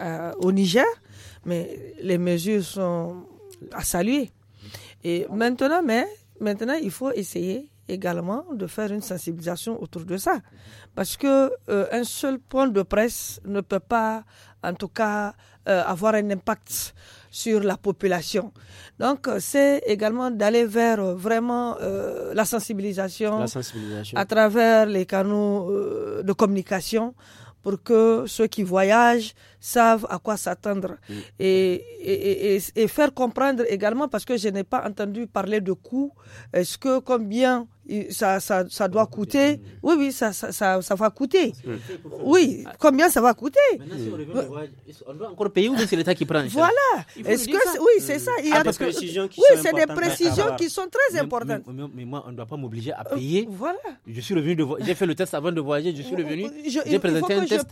euh, au Niger, mais les mesures sont à saluer. Et ah maintenant, mais maintenant, il faut essayer également de faire une sensibilisation autour de ça. Parce que euh, un seul point de presse ne peut pas, en tout cas, euh, avoir un impact sur la population. Donc, euh, c'est également d'aller vers vraiment la, sensibilisation à travers les canaux de communication pour que ceux qui voyagent savent à quoi s'attendre et, et, et, et, faire comprendre également parce que je n'ai pas entendu parler de coûts. Est-ce que combien ça, ça, ça, doit coûter. Oui, oui, ça, ça, ça, va coûter. Oui, combien ça va coûter On doit encore payer ou c'est l'État qui prend Voilà. Est-ce que oui, c'est ça. Il y a des ah, précisions qui oui, c'est des précisions ah, qui sont très importantes. Mais, moi, on ne doit pas m'obliger à payer. Euh, voilà. Je suis revenu j'ai fait le test avant de voyager. Je suis euh, revenu. J'ai présenté un test.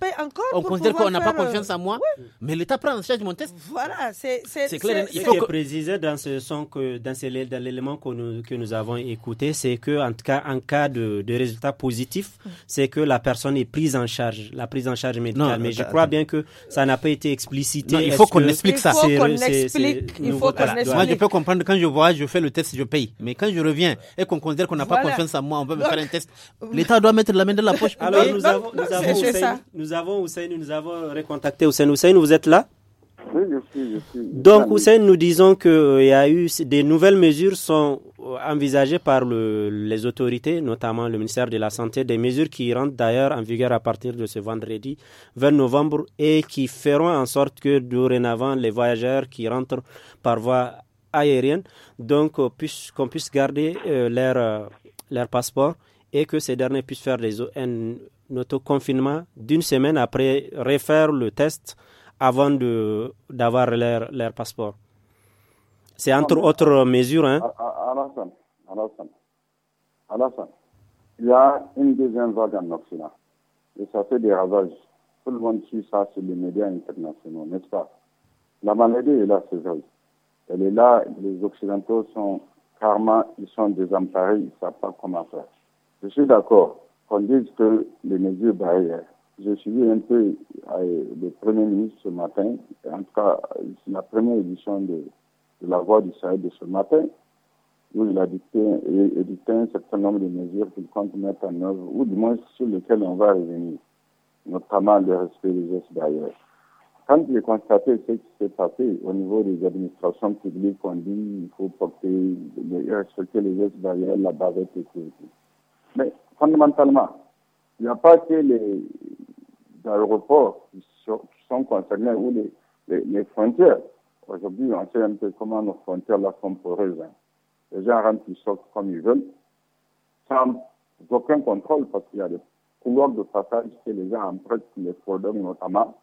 on considère qu'on n'a pas euh, confiance en moi. Mais l'État prend en charge mon test. Voilà, c'est clair. Il faut préciser dans ce son que dans l'élément que nous avons écouté, c'est que en tout cas, en cas de, résultat positif, mm. c'est que la personne est prise en charge, la prise en charge médicale. mais je crois bien que ça n'a pas été explicité. il faut qu'on explique ça. Moi, je peux comprendre quand je vois je fais le test, je paye. Mais quand je reviens et qu'on considère qu'on n'a pas confiance en moi, on veut me faire un test. L'État doit mettre la main dans la poche. Alors, nous, avons, nous, avons nous avons recontacté Hussein. Hussein, vous êtes là? Donc, Hussein, nous disons qu'il euh, y a eu des nouvelles mesures sont euh, envisagées par les autorités, notamment le ministère de la Santé, des mesures qui rentrent d'ailleurs en vigueur à partir de ce vendredi 20 novembre et qui feront en sorte que dorénavant, les voyageurs qui rentrent par voie aérienne, donc euh, puissent, qu'on puisse garder leur, passeport et que ces derniers puissent faire un, un autoconfinement d'une semaine après refaire le test avant d'avoir leur, passeport. C'est entre autres mesures. Hein. Alassane, ah, ah, Alassane, il y a une deuxième vague en Occident. Et ça fait des ravages. Tout le monde suit ça sur les médias internationaux, n'est-ce pas La maladie est là, c'est vrai. Elle est là, les Occidentaux sont carrément, ils sont désemparés, ils ne savent pas comment faire. Je suis d'accord qu'on dise que les mesures barrières, j'ai suivi un peu le Premier ministre ce matin, en tout cas la première édition de, la Voix du Sahel de ce matin, où il a dicté, un certain nombre de mesures qu'il compte mettre en œuvre, ou du moins sur lesquelles on va revenir, notamment le respect des gestes barrières. Quand j'ai constaté ce qui s'est passé au niveau des administrations publiques, on dit qu'il faut porter, respecter les gestes barrières, la barrette et tout. Mais fondamentalement, il n'y a pas que les, d'aéroports qui, qui sont, concernés ou les, frontières. Aujourd'hui, on sait un peu comment nos frontières là sont poreuses. Hein. Les gens rentrent, ils sortent comme ils veulent, sans aucun contrôle, parce qu'il y a des couloirs de passage que les gens empruntent, les fraudeurs notamment.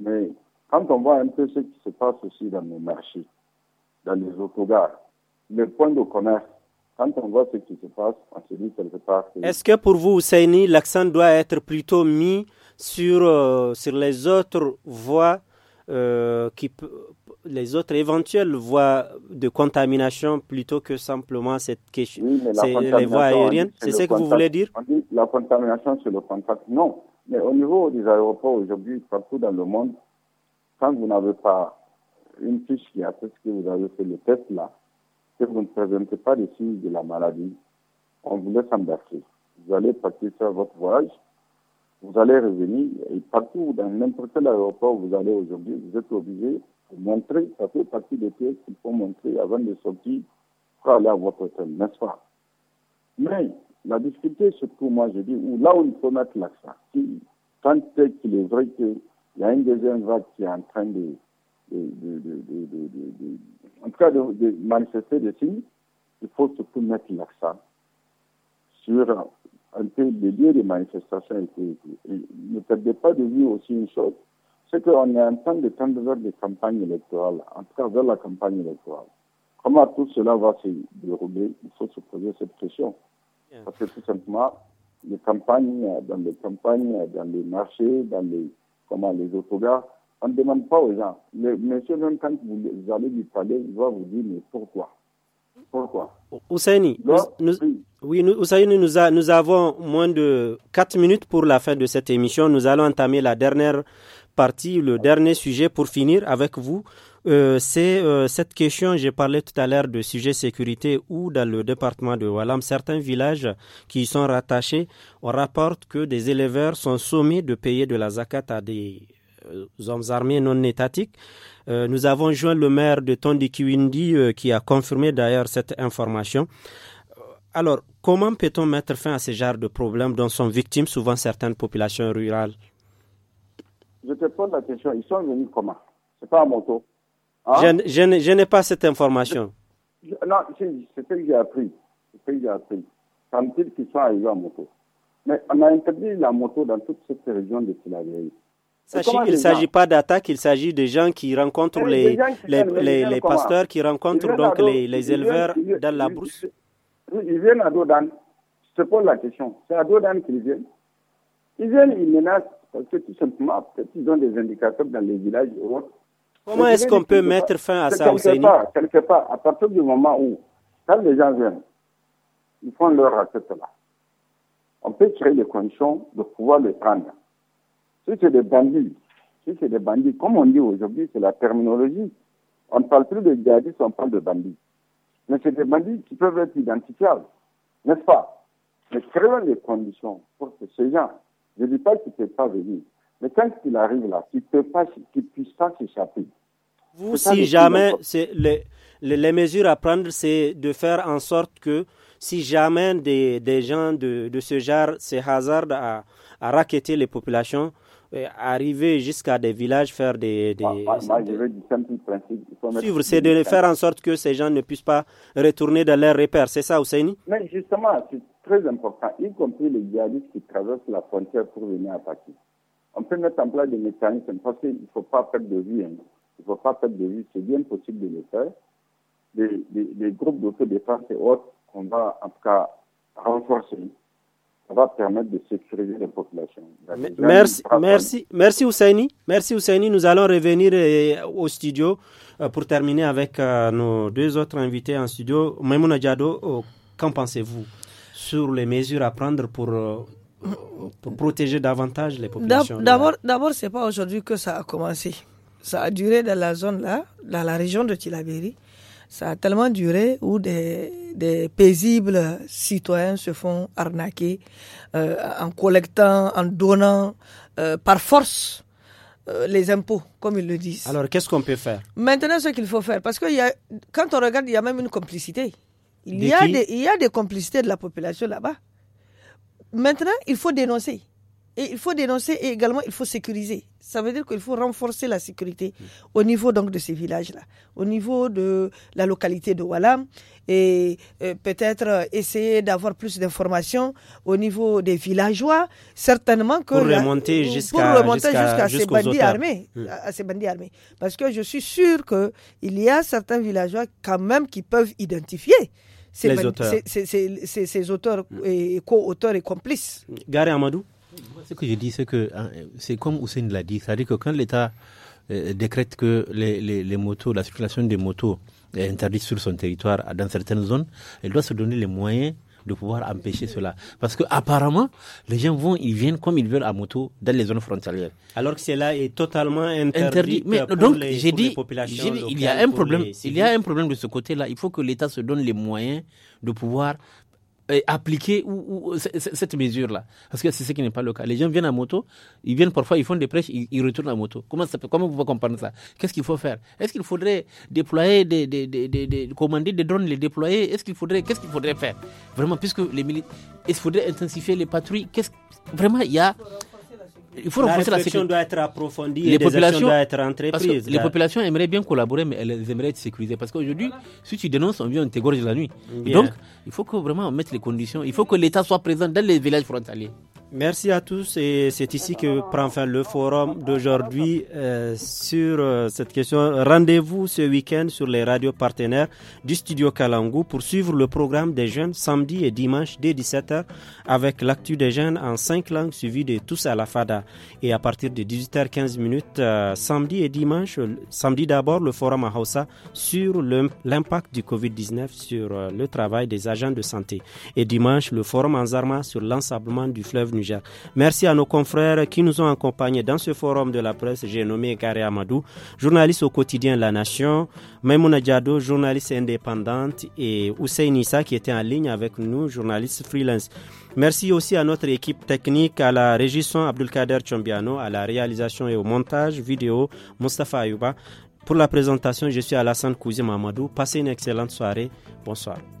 Mais quand on voit un peu ce qui se passe aussi dans nos marchés, dans les autogares, les points de commerce, quand on voit ce qui se passe, on se dit quelque part. Est-ce que pour vous, Ousseini, l'accent doit être plutôt mis sur, euh, sur les autres voies, euh, qui, les autres éventuelles voies de contamination plutôt que simplement cette question, oui, les voies aériennes C'est ce que vous voulez dire on dit La contamination, c'est le contact. Non. Mais au niveau des aéroports aujourd'hui, partout dans le monde, quand vous n'avez pas une fiche qui ce que vous avez fait le test là, que vous ne présentez pas les signes de la maladie, on vous laisse embarquer. Vous allez partir sur votre voyage vous allez revenir et partout dans n'importe quel aéroport où vous allez aujourd'hui, vous êtes obligé de montrer, ça fait partie des pièces qu'il faut montrer avant de sortir pour aller à votre hôtel, n'est-ce pas Mais la difficulté, surtout moi je dis, où, là où il faut mettre l'accent, tant qu'il est vrai qu'il y a une deuxième vague qui est en train de, en tout de, manifester des signes, il faut surtout mettre l'accent sur un peu de lieu de manifestation Ne perdez pas de vue aussi une chose, c'est qu'on est en train de tendre vers des campagnes électorales, en tout cas vers la campagne électorale. Comment tout cela va se dérouler Il faut se poser cette question. Parce que tout simplement, les campagnes, dans les campagnes, dans les marchés, dans les, comment, les on ne demande pas aux gens. Mais monsieur, quand vous, allez du parler, il va vous dire, mais pourquoi Pourquoi Ousseini, nous, oui, nous, nous, avons moins de 4 minutes pour la fin de cette émission. Nous allons entamer la dernière partie, le dernier sujet pour finir avec vous. Euh, c'est euh, cette question, j'ai parlé tout à l'heure de sujet sécurité où dans le département de Wallam, certains villages qui y sont rattachés, on rapporte que des éleveurs sont sommés de payer de la zakat à des euh, hommes armés non étatiques. nous avons joint le maire de Tondikiwindi qui a confirmé d'ailleurs cette information. Alors, comment peut-on mettre fin à ce genre de problèmes dont sont victimes souvent certaines populations rurales Je te pose la question, ils sont venus comment Ce n'est pas à moto hein Je, n'ai pas cette information. non, c'est ce que j'ai appris. C'est ce que j'ai appris. semble t qu'ils sont arrivés à moto. Mais on a interdit la moto dans toute cette région de Tilagéry. Sachez qu'il ne s'agit pas d'attaque, il s'agit des gens qui rencontrent les, les pasteurs, qui rencontrent donc les, éleveurs dans la brousse. Ils viennent à Dodan. Je te pose la question. C'est à Dodan qu'ils viennent. Ils viennent, ils menacent, parce que tout simplement, ont des indicateurs dans les villages Comment est-ce qu'on peut mettre fin à ça, Quelque part, à partir du moment où, quand les gens viennent, ils font leur raquette là. On peut créer les conditions de pouvoir les prendre. Si c'est des bandits, si c'est des bandits, comme on dit aujourd'hui, c'est la terminologie. On ne parle plus de djihadistes, on parle de bandits. Mais c'est des bandits qui peuvent être identifiables, n'est-ce pas Mais créons les conditions pour que ces gens, je ne dis pas qu'ils ne peuvent pas venir, mais quand ils arrivent là, qu'ils ne puissent pas s'échapper. Vous, si jamais, les, mesures à prendre, c'est de faire en sorte que si jamais des, gens de, ce genre se hasardent à, à raqueter les populations, euh, arriver jusqu'à des villages, faire des... des... Moi, Suivre, c'est de faire en sorte que ces gens ne puissent pas retourner dans leurs repères. C'est ça, Ousseini Mais justement, c'est très important, y compris les djihadistes qui traversent la frontière pour venir attaquer. On peut mettre en place des mécanismes parce qu'il ne faut pas perdre de vue. Hein. Il ne faut pas perdre de vue. C'est bien possible de le faire. des les, les groupes d'autodéfense et autres qu'on va, en tout cas, renforcer ça va permettre de sécuriser les populations. Merci, merci, merci Ousseini. Merci Ousseini. Nous allons revenir euh, au studio euh, pour terminer avec euh, nos deux autres invités en studio. Maimouna Diado, qu'en pensez-vous sur les mesures à prendre pour, protéger davantage les populations D'abord, d'abord, c'est pas aujourd'hui que ça a commencé. Ça a duré dans la zone là, dans la région de Tilaberi ça a tellement duré où des, paisibles citoyens se font arnaquer euh, en collectant, en donnant euh, par force euh, les impôts, comme ils le disent. Alors, qu'est-ce qu'on peut faire Maintenant, ce qu'il faut faire, parce que quand on regarde, il y a même une complicité. Il, y, a il y a des complicités de la population là-bas. Maintenant, il faut dénoncer. Et il faut dénoncer et également il faut sécuriser. Ça veut dire qu'il faut renforcer la sécurité au niveau donc de ces villages-là, au niveau de la localité de Walam et euh, peut-être essayer d'avoir plus d'informations au niveau des villageois, certainement que pour remonter jusqu'à ces bandits armés, hmm. à, ces bandits armés, parce que je suis sûr que il y a certains villageois quand même qui peuvent identifier ces, auteurs. ces auteurs et co-auteurs et complices. Gare Amadou. Ce que je dis, c'est que hein, c'est comme Hussein l'a dit, c'est-à-dire que quand l'État euh, décrète que les, motos, la circulation des motos est interdite sur son territoire dans certaines zones, elle doit se donner les moyens de pouvoir empêcher cela. Parce que apparemment, les gens vont, ils viennent comme ils veulent à moto dans les zones frontalières. Alors que cela est totalement interdit. Mais donc, j'ai dit, il problème, il y a un problème de ce côté-là. Il faut que l'État se donne les moyens de pouvoir appliquer cette mesure-là. Parce que c'est ce qui n'est pas le cas. Les gens viennent à moto, ils viennent parfois, ils font des prêches, ils, retournent à moto. Comment, comment vous pouvez comprendre ça Qu'est-ce qu'il faut faire Est-ce qu'il faudrait déployer, des, commander des drones, les déployer ce qu'il qu'est-ce qu'il faudrait faire Vraiment, puisque les militaires, il faudrait intensifier les patrouilles. Qu'est-ce, vraiment, il y a il faut la la sécurité. doit être approfondie les et des actions doivent être entreprises. les populations aimeraient bien collaborer, mais elles aimeraient être sécurisées. Parce qu'aujourd'hui, si tu dénonces, on vient, on t'égorge la nuit. Donc, il faut que vraiment mettre les conditions. Il faut que l'État soit présent dans les villages frontaliers. Merci à tous et c'est ici que prend fin le forum d'aujourd'hui euh, sur euh, cette question. Rendez-vous ce week-end sur les radios partenaires du studio Kalangu pour suivre le programme des jeunes samedi et dimanche dès 17h avec l'actu des jeunes en cinq langues suivi de tous à la FADA. Et à partir de 18h15 minutes euh, samedi et dimanche, samedi d'abord le forum à Hausa sur l'impact du Covid-19 sur le travail des agents de santé et dimanche le forum en Zarma sur l'ensablement du fleuve Merci à nos confrères qui nous ont accompagnés dans ce forum de la presse. J'ai nommé Gary Amadou, journaliste au quotidien La Nation, Maimouna Diado, journaliste indépendante, et Hussein Issa qui était en ligne avec nous, journaliste freelance. Merci aussi à notre équipe technique, à la régisson Abdulkader Chombiano, à la réalisation et au montage vidéo Mustafa Ayouba. Pour la présentation, je suis Alassane Cousin Amadou. Passez une excellente soirée. Bonsoir.